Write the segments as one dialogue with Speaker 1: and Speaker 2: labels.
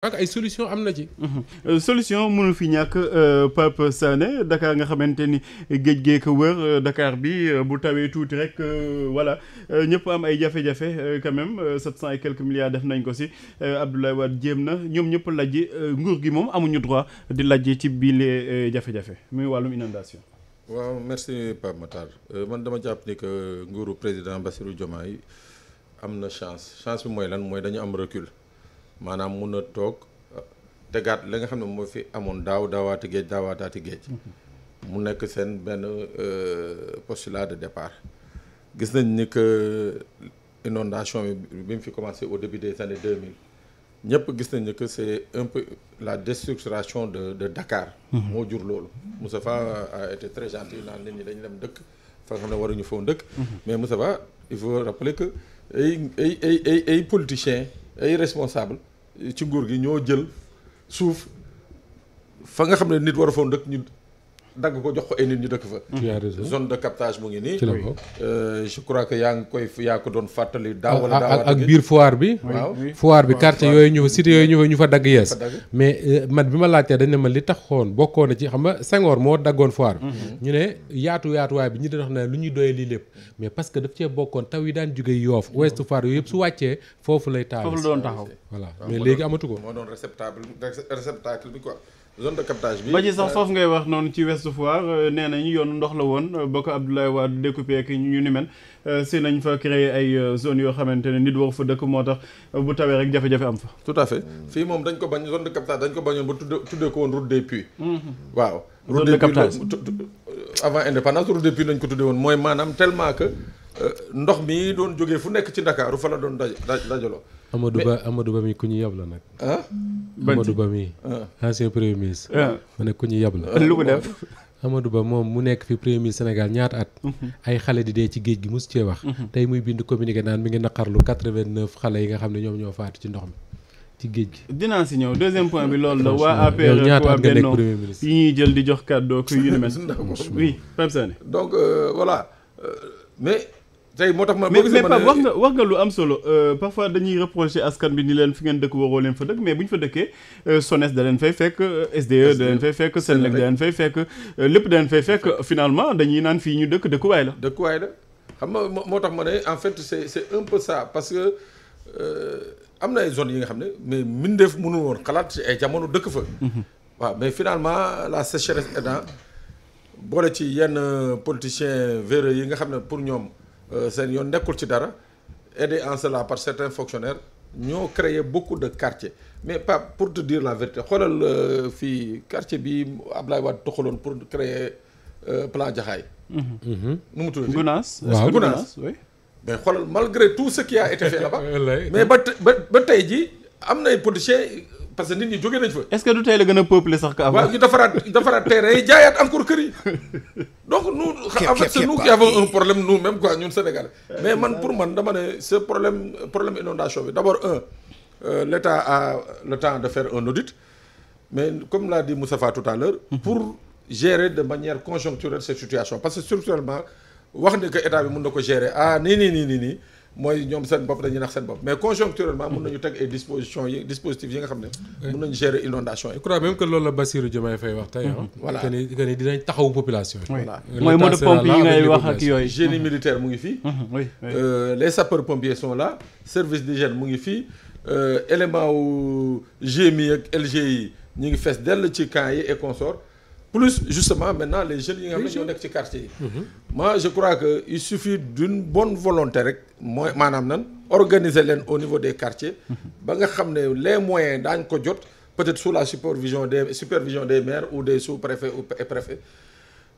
Speaker 1: ak ay solution am na ci. Mhm. Euh, solution mënul fi ñàkk euh, Pape Sané Dakar nga xamante ni géej gee ko wër euh, Dakar bi bu tawee tuuti rek voilà ñëpp am ay jafe-jafe même sept cent et quelques def nañ ko si Abdoulaye jéem na ñoom ñëpp lajji nguur gi moom amuñu droit di lajji ci biile jafe-jafe muy wàllum inondation
Speaker 2: waaw merci man dama jàpp ni que nguuru président Bassirou yi am na chance chance bi mooy lan mooy dañu am recul. maanaam mun na toog tegaat li nga xam ne moo fi amoon daaw daawaati géej daawaataati géej mhm. mu nekk seen benn euh, postulat de départ gis nañ ni que inondation bi bi mu fi commencé au début des années 2000 ñëpp gis nañ ni que c' la déstructuration de de Dakar mhm. moo jur loolu Moustapha a été très gentil naan nit ñi dañu dem dëkk fa nga xam ne ñu foofu dëkk mhm. mais Moustapha il faut rappeler que ay ay ay ay ay politiciens ay responsable ci nguur gi ñoo jël suuf fa nga xam ne nit war a foon ñu dagg ko jox ko ay nit ñu dëkk fa. zone de captage mu ngi nii. Euh, je crois que yaa ngi koy yaa ko doon fàttali. daaw ak biir foire bi. waaw foire bi quartier yooyu
Speaker 3: ñu fa cité yooyu ñu fa dagg yees. mais euh, man bi ma laajtee dañ ne ma li taxoon bokkoon ci xam nga moo daggoon foire bi. Mm-hmm. ñu ne yaatu yaatuwaay bi ñu doon wax ne lu ñuy doyee lépp. mais parce que daf bokkoon taw yi daan jóge yoof ouest mm-hmm. foire yooyu yëpp su wàccee foofu lay. taal foofu mais léegi amatu ko.
Speaker 2: zone de captage bi ba ci sax euh, foofu ngay
Speaker 1: wax noonu ci Ouest Foire euh, nee yoonu ndox la woon euh, ba ko Abdoulaye Wade découpé ak ñu ni mel si nañ fa créé ay zone yoo xamante ne nit waru fa dëkk moo tax bu tawee rek jafe-jafe am fa tout à fait fii moom dañ
Speaker 2: ko bañ zone de captage dañ ko bañoon ba tudd tuddee ko woon route des puits mhm. waaw route des puits avant indépendance route des puits lañ ko tuddee woon mooy maanaam tellement que ndox mi doon jógee fu nekk ci Ndakaaru fa la doon daj dajaloo
Speaker 3: amadu Ba amadu Ba mi ku ñu yab la nag. ah Amadou Ba mi ah. ancien premier ministre. Ah. ma ne ku ñu yab la. Ah, lu mu def. Ba moom mu nekk fi premier ministre Sénégal ñaata at. Mhm. ay xale di dee ci géej gi mos cee wax. Mhm. tey muy bind communiqué naan mi ngi naqarlu 89 xale yi nga xam ne ñoom ñoo faatu ci ndox mi ci géej gi.
Speaker 1: dinaa si ñëw deuxième point bi loolu la waa APR waa Benno yi ñuy jël di jox kàddoo ku yu ni mel. oui Pape Sané
Speaker 2: euh, euh,
Speaker 1: mais. tey moo tax ma mais mais wax nga wax nga lu am solo euh, parfois dañuy reprocher askan bi ni leen fi ngeen dëkk waroo leen fa dëkk mais bu ñu fa dëkkee euh, SONES da leen fay fekk SDE da fay e, fekk Senelec da leen fay fekk euh, lépp da leen fay fekk finalement dañuy naan fii ñu dëkk dëkkuwaay la dëkkuwaay la xam nga moo tax ma ne en fait c'est
Speaker 2: c'est un peu ça parce am na ay yi nga xam ne mais mbindeef mënul woon xalaat ci ay jamono dëkk fa mhm. waaw mais finalement la sécheresse aidant boole ci yenn politiciens véreux yi nga xam ne pour ñoom Euh, seen yoon nekkul ci dara aidé en cela par certains fonctionnaires ñoo créé beaucoup de quartiers mais pas pour te dire la vérité xoolal euh, fii quartier bi Ablaye Wade toxaloon pour créer euh, plan Jaxaay
Speaker 3: mm-hmm.
Speaker 2: nu mu tuddati Gounass waaw Gounass mais malgré tout ce qui a été fait là mais ba ba tey ji am nay politiciens parce que nit ñi jóge nañ fa. est-ce que du tey la gën a peuplé sax que avant. waaw ñu defaraat defaraat terrain jaayaat encore kër yi donc nous. en fait c'est nous qui avons un problème nous même quoi ñun Sénégal. mais man pour man dama ne ce problème problème inondation bi d'abord un euh, l'État a le temps de faire un audit mais comme l'a dit Moustapha tout à l'heure mhm. pour gérer de manière conjoncturelle cette situation parce que structurellement wax ne que état bi mun na ko gérer ah nii nii nii nii. mooy ñoom seen bopp dañuy nax seen bopp mais conjoncturellement mun nañu teg ay dispositions yi dispositifs yi nga xam ne. mun nañu gérer inondation yi. je
Speaker 3: crois même que loolu la Bassirou Diomaye Faye wax tey ah. voilà que taxawu population yi. mooy mode pompe wax ak yooyu. génie
Speaker 2: militaire mu ngi fii. Mhm. oui euh, les sapeurs pompiers sont là service d'hygiène mu ngi fii euh, élément wu GMI ak LGI ñu ngi fees dell ci camps yi et consorts. plus justement maintenant les jeunes yi nga xam ne ñoo nekk ci quartier yi. Mhm. moi je crois que il suffit d'une bonne volonté rek mooy maanaam nan organiser leen au niveau des quartiers. Mhm. ba nga xam ne les moyens daañ ko jot peut-être sous la supervision des supervision des maires ou des sous-préfets ou et préfets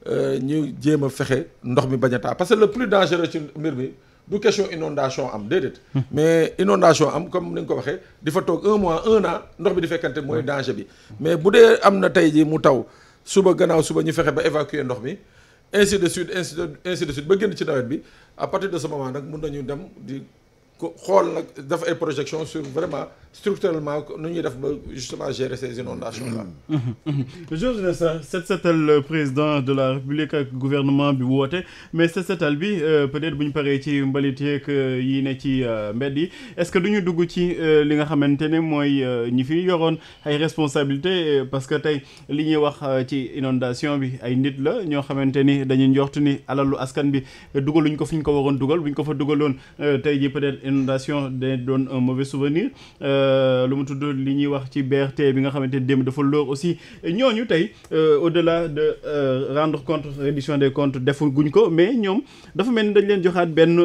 Speaker 2: euh, ñu jéem a fexe ndox mi bañ taa parce que le plus dangereux ci mbir mi du question inondation am déedéet. Mhm. mais inondation am comme ni nga ko waxee di fa toog un mois un an ndox mi di fekkante mooy danger bi mais bu dee am na tey jii mu taw. suba gannaaw suba ñu fexe ba évacuer ndox mi ainsi de suite ainsi de ainsi de suite ba génn ci nawet bi à partir de ce moment nag mun nañu dem di. xool nag def ay projection sur vraiment structurellement nu ñuy def ba justement gérer ces inondations là.
Speaker 1: Georges mm-hmm. mm-hmm. set setal euh, président de la république ak gouvernement bi woote mais set setal bi euh, peut-être bu ñu paree ci mbalit yeeg euh, yi ne ci mbedd yi est-ce que du ñu dugg ci li nga xamante ne mooy ñi fi yoroon ay responsabilité parce que tey li ñuy wax ci inondation bi ay nit la ñoo xamante ni dañu njort ni alalu askan bi dugaluñ ko fi ñu ko waroon dugal bu ñu ko fa dugaloon tey ji peut-être. inondation day doon un mauvais souvenir euh, lu mu tudd li ñuy wax ci BRT bi nga xamante dem démb dafa lóor aussi ñooñu tey euh, au-delà de euh, rendre compte reddition des comptes defu guñ ko mais ñoom dafa mel ni dañ leen joxaat benn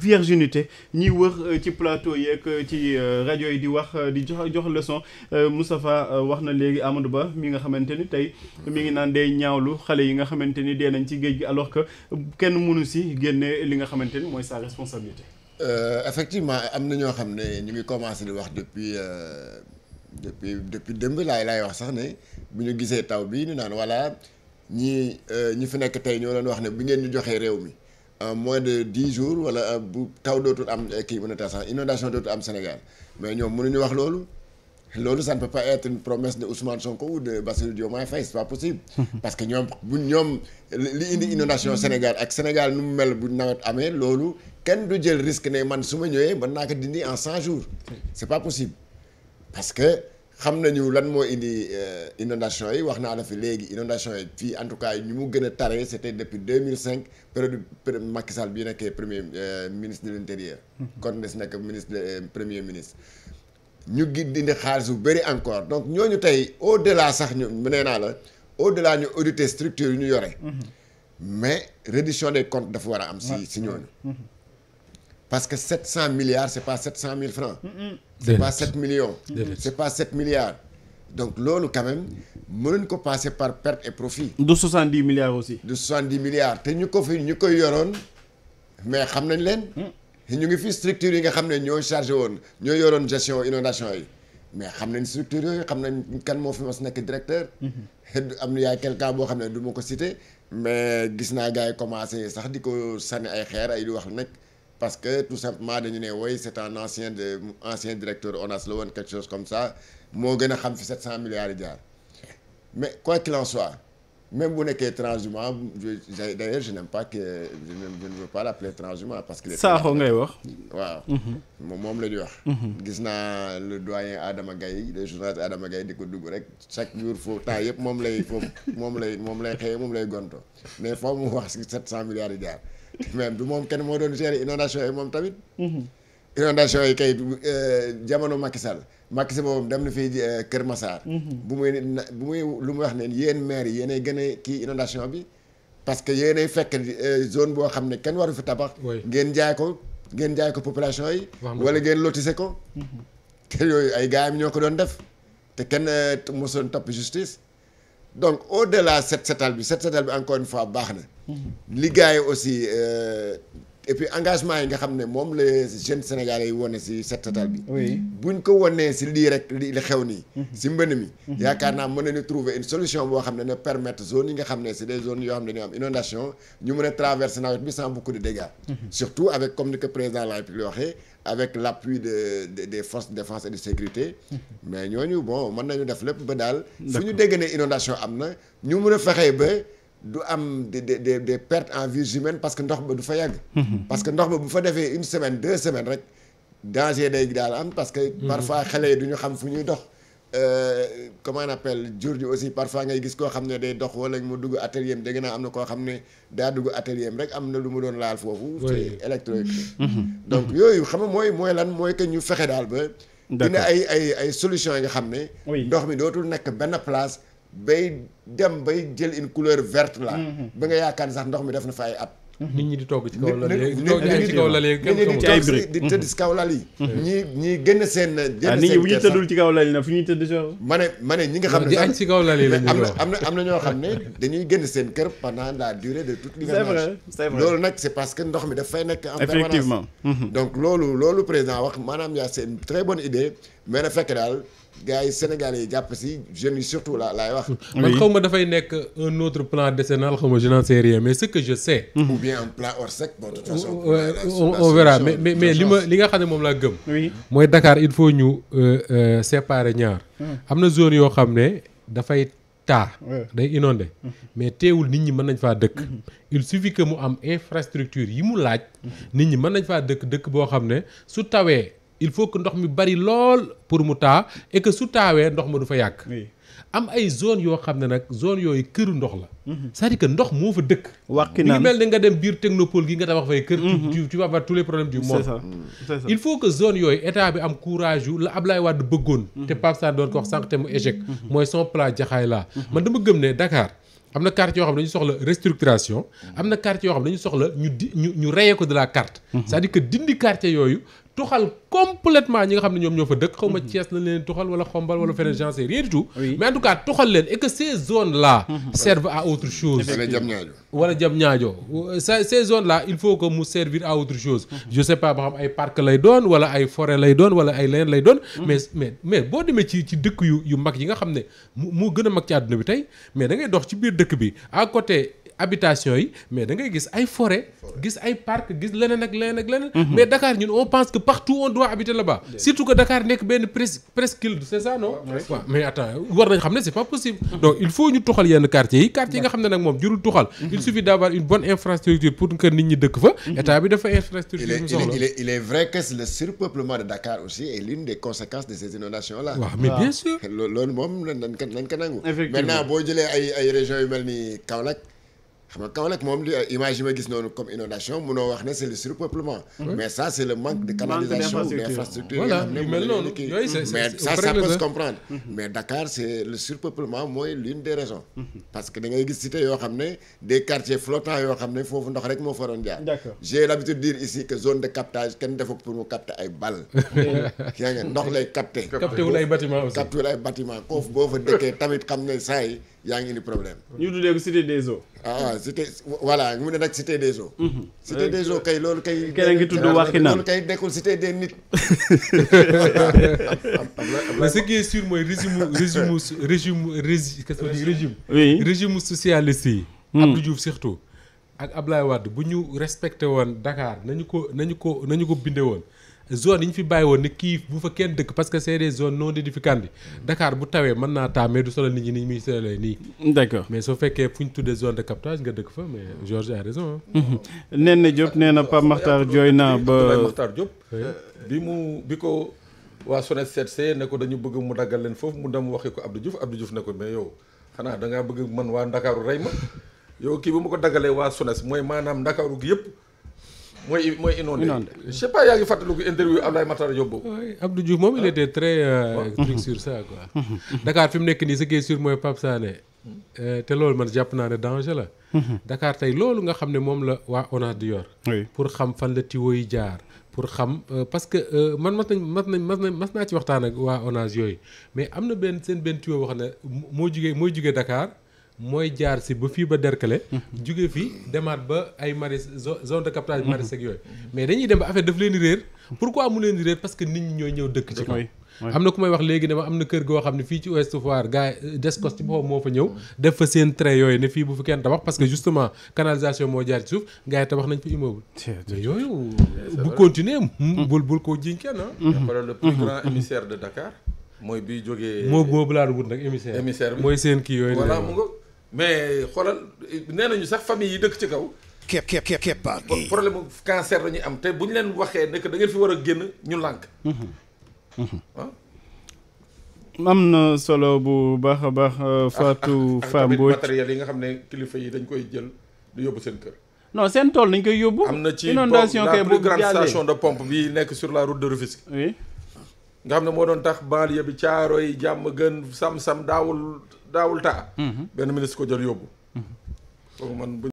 Speaker 1: virginité ñiy wër ci plateau yeeg ci rajo yi di wax di jox jox leçon Moustapha wax na léegi Amadou Ba mi nga xamante ni tey mi ngi naan day ñaawlu xale yi nga xamante ni dee nañ ci géej gi alors que kenn mënu si génne li nga xamante ni mooy sa responsabilité
Speaker 4: Euh, effectivement am na ñoo xam ne ñu ngi commencé di wax depuis euh, depuis depuis démb laay laay wax sax ne bu ñu gisee taw bi ñu naan voilà ñii euh, ñi fi nekk tey ñoo doon wax ne bi ngeen ñu joxee réew mi en moins de dix jours wala bu taw dootul am kii mën a tax sax inondation dootul am Sénégal mais ñoom mënuñu wax loolu. loolu ça ne peut pas être une promesse de Ousmane Sonko ou de Bassirou Diomaye Faye c'est pas possible. parce que ñoom bu ñoom li indi inondation Sénégal ak Sénégal nu mu mel bu nawet amee loolu kenn du jël risque ne man su ma ñëwee mën naa ko dindi en cent jours. c'est pas possible parce que xam nañu lan moo indi euh, inondation yi wax naa la fi léegi inondation yi fii en tout cas ñu mu gën a taree c'était depuis cinq période Macky Sall bi nekkee premier euh, ministre de l'intérieur. Mmh. Kon des nekk ministre euh, premier ministre. ñu gi dindi xaalis bu bëri encore donc ñooñu tey au delà sax ñu nee naa la au delà ñu auditer structure yu ñu yore. mais reddition des comptes dafa war a am. si ñooñu. parce que 700 milliards c' pas 700 mille milliards. donc loolu quand mënuñ ko passer par perte et profit. du 70 milliards milliards te ñu ko fi ñu koy yoroon mais xam nañ leen. Mm. ñu ngi fi structure yi nga xam ne ñoo chargé woon ñoo yoroon gestion inondation yi mais xam nañ structure yooyu xam nañ kan moo fi mas nekk directeur mm-hmm. am na yaay quelqu'un boo xam ne du ma ko cité mais gis naa gars yi commencé sax di ko sànni ay xeer ay di wax nag parce que tout simplement dañu ne woy c'est un ancien de ancien directeur ONAS la woon quelque chose comme ça moo gën a xam fi 700 milliards yi jaar mais quoi qu'il en même bu nekkee transhumant je d'ailleurs je n'aime pas que je ne je ne veux parce que. saaxo ngay wax. waaw. Mm-hmm. moom moom la ñuy wax. Mm-hmm. gis naa le doyen Adama Gaye le journaliste Adama Gaye di ko dugg rek chaque jour foofu temps yëpp moom lay foofu moom lay moom lay xëyee moom lay gonto mais foofu mu wax si 700 milliards yi jaar même du moom kenn moo doon gérer inondation yi moom tamit. Mm-hmm. inondation yi kay euh, jamono Macky Sall Macky Sall boobu dem na fii euh, Kër Massar. Mhm. bu muy bu muy lu mu wax ne yéen maire yi yéenay gën a kii inondation bi parce que yéenay fekk euh, zone boo xam ne kenn waru fi tabax. ngeen jaay ko ngeen jaay ko population yi. wala ngeen lotissé ko. Mhm. te yooyu ay gars yi ñoo ko doon def te kenn mosoon topp justice. donc au delà set setal bi set setal bi encore une fois baax na. Mhm. li gars aussi. et puis engagement yi nga xam ne moom les jeunes sénégalais yi wone si set setal bi. buñ ko wonee si lii rek li xew nii. Mhm. si mbënn mi. Mhm. yaakaar naa mën nañu trouver une solution boo xam ne ne permettre zone yi nga xam ne c'est des zones yoo xam ne dañoo am inondation ñu mën a traverser nawet bi sans beaucoup de dégâts. Mhm. surtout avec comme ni ko président de la République waxee avec l' appui de, de des forces de défense et de sécurité. mais ñooñu bon mën nañu def lépp ba daal. fu ñu dégg ne na ñu mën a fexee ba. du am des des des pertes en vies humaines parce que ndox ba du fa yàgg. parce que ndox ba bu fa defee une semaine deux semaines rek danger day daal am parce que. parfois xale yi du xam fu ñuy dox. Euh, comment on appelle jur ji aussi parfois ngay gis koo xam ne day dox wala mu dugg atelier am dégg naa am na koo xam ne daa dugg atelier am rek am na lu mu doon laal foofu. ci électronique. Mhm. donc yooyu xam nga mooy mooy lan mooy que ñu fexe daal ba. dina ay ay ay solution yi nga xam ne. ndox mi dootul nekk benn place. bay dem bay jël une couleur verte la mm-hmm. ba nga yaakaar sax ndox mi def na fa ay at
Speaker 3: nit ñi di togg ci kaw lal yi di togg ci kaw gën
Speaker 4: a mm-hmm. seen gën ah, seen kër pendant la durée de toute l'hivernage loolu nag c'est parce que ndox mi daf nekk en permanence mm-hmm. donc loolu loolu président wax maanaam yaa c'est très bonne idée mais na fekk daal gars yi sénégal yi jàpp si jeunes yi surtout la laay wax. man
Speaker 3: xaw dafay nekk un autre plan décennal xaw ma je mais ce que je sais. ou mhm. bien un
Speaker 4: plan Orsec bon de toute façon.
Speaker 3: mais mais li ma li nga xam ne moom laa gëm. mooy dakaar il faut ñu euh, euh, séparer ñaar. Mhm. am na zone yoo xam ne dafay taa. day inondé mhm. mais teewul nit ñi mën nañ faa dëkk. il suffit mu am infrastructure yi mu laaj. nit ñi mën nañ faa dëkk dëkk boo xam ne su tawee. il faut que ndox mi bari lool pour mu taa et que su taawee ndox ma du fa yàgg. am ay zone yoo xam ne nag zone yooyu këru ndox la. Mhm. cest à ndox moo fa dëkk. wàqi naan mi nga dem biir technopole gi nga tabax fay kër. tu mhm. tu vas avoir problèmes du monde. il faut que zone yooyu état bi am courage yu la Ablaye Wade bëggoon. Mhm. te Pape Sarr doon ko wax sànq te mu échec. mooy son plan jaxaay laa. man dama gëm ne dakaar am na carte yoo xam ne dañu soxla restructuration am na carte yoo xam ne dañu soxla ñu ñu ñu rayé ko de la carte. c'est-à-dire yooyu tuxal complètement ñi nga xam ne ñoom ñoo fa dëkk xaw ma la mhm. lañ leen tuxal wala xombal wala feneen rien du tout mais mhm. mu servir à autre chose mhm. je sais pas ba xam ay parc lay doon wala ay forêt mais mais mais boo demee ci ci dëkk yu yu mag yi nga xam ne mu moo gën a mag ci àdduna bi tey mais da ngay dox ci biir dëkk bi à côté habitation yi mais da ngay gis ay forêt gis ay parc gis leneen ak leneen mhm. mais Dakar ñun on pense que partout on doit habiter là-bas surtout que Dakar nekk benn pres mhm. il yenn quartiers yi moom jurul tuxal mhm. il suffit d'avoir une bonne infrastructure pour que nit ñi dëkk fa état de
Speaker 4: Dakar aussi mais bien sûr loolu moom nañ ko nañ ko nangu boo jëlee ay ay régions yu mel ni Kaolack xam nga Kaolack moom li euh, image yi ma gis noonu comme inondation munoo wax ne c'est le surpeuplement. mais c'est le manque de canalisation d'infrastructure. voilà yu mel mm-hmm. mais Dakar c'est le surpeuplement mooy l'une des raisons. Mm-hmm. parce que da ngay gis cité yoo xam ne des quartiers flottants yoo xam ne foofu ndox rek moo fa doon jaar. d'accord j'ai l'habitude de dire ici que zone de captage kenn defa pour mu capter ay bal. yaa ngi ndox lay capter. capter wul ay boo fa dëkkee tamit yaa ngi indi problème. ñu tuddee ko cité des eaux. Ah, ah cité voilà mu ne nag cité des eaux. Mhm. cité des eaux kay loolu kay. keneen ngi tudd Wakhinane loolu kay nekkul cité des nit. mais ce qui est sûr mooy régime
Speaker 3: régime régime régime. oui régime socialiste yi. Hmm. Abdou Diouf surtout. ak Ablaye Wade bu ñu respecté woon dakaar nañu ko nañu ko nañu ko bindee woon. zone yi ñu fi bàyyi woon ni kii bu fa kenn dëkk parce que c'est des zones non aedificandi Dakar bu tawee mën naa taa mais du solo nit ñi ni muy solo nii. d'accord mais soo fekkee fu ñu tuddee zone de captage nga dëkk fa mais
Speaker 2: Georges raison
Speaker 1: ah. nee na Diop nee na Pape Makhtar jooy naa ba Pape Makhtar Diop.
Speaker 2: bi mu bi ko waa SONES seet ne ko dañu bëgg mu daggal leen foofu mu dem waxi ko Abdou Diouf Abdou Diouf ne ko mais yow xanaa da ngaa bëgg man waa Ndakaaru rey ma yow kii bu ma ko daggalee waa SONES mooy maanaam yëpp. mooy mooy inondé inondé je sais pas yaa ngi fàttaliku interview Abdoulaye Matar Diop boobu.
Speaker 3: oui Abdou Diouf moom il ah. était très. strict euh, ah. sur ça quoi. Dakar fi mu nekk nii ce qui est sûr mooy Pape Sané. Euh, te loolu man jàpp naa ne danger la. dakaar tey loolu nga xam ne moom la waa ONAS di yor. pour xam fan la tiwo yi jaar. pour xam euh, parce que man mas nañ mas nañ mas nañ mas naa ci waxtaan ak waa ONAS yooyu mais am na benn seen benn tiwo wax ne moo jugee mooy jugee dakaar mooy jaar si ba fii ba Derkale. Mhm. jóge fii demaat ba ay marais zone de captage mhm. marais ak yooyu. mais dañuy dem ba affaire daf leen di mhm. pour ko mu leen di réer parce que nit ñi ñooy ñëw dëkk ci kaw. am na ku may wax léegi ne ma am na kër goo xam ne fii ci Ouest Foire gars yi euh, Descos ci boppam moo fa ñëw def fa seen trait yooyu ne fii bu fi kenn tabax parce que justement canalisation moo jaar ci suuf gars yi tabax nañ fa immeuble. yooyu bu continuer bul bul koo jiñ kenn ah. le plus de Dakar.
Speaker 2: mooy bi jógee. moo boobu laa wut nag émissaire. émissaire mooy seen kii yooyu. voilà mu nga mais xoolal nee nañu sax famille yi dëkk ci kaw.
Speaker 3: kepp kepp kepp keppaar
Speaker 2: problème mu cancer la ñuy am te bu leen waxee ne da ngeen fi war a génn ñu lànk.
Speaker 1: Mm-hmm. Mm-hmm. Mm-hmm. Ah. am na solo bu baax a baax. Euh, ah, Fatou Fambodj tamit matériel
Speaker 2: yi nga xam ne kilifa yi dañ koy jël du yóbbu seen kër.
Speaker 1: no seen tool lañ koy yóbbu. am na ci inondation kay bu jàllee
Speaker 2: de pompe bi nekk sur la route de Rufisque. oui. nga xam ne moo doon tax banlieue bi caaro yi jàmm gën sam-sam daawul daawul taa mm-hmm.
Speaker 4: benn ministre ko jël yóbbu mm-hmm.